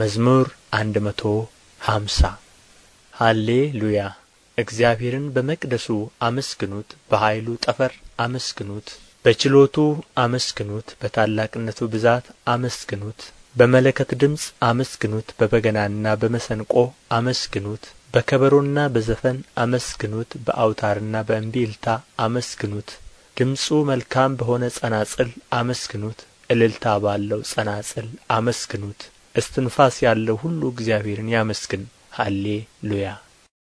መዝሙር መቶ ሃምሳ ሃሌ ሉያ እግዚአብሔርን በመቅደሱ አመስግኑት በኃይሉ ጠፈር አመስግኑት በችሎቱ አመስግኑት በታላቅነቱ ብዛት አመስግኑት በመለከት ድምፅ አመስግኑት በበገናና በመሰንቆ አመስግኑት በከበሮና በዘፈን አመስግኑት በአውታርና በእምቢልታ አመስግኑት ድምፁ መልካም በሆነ ጸናጽል አመስግኑት እልልታ ባለው ጸናጽል አመስግኑት እስትንፋስ ያለው ሁሉ እግዚአብሔርን ያመስግን ሃሌ ሉያ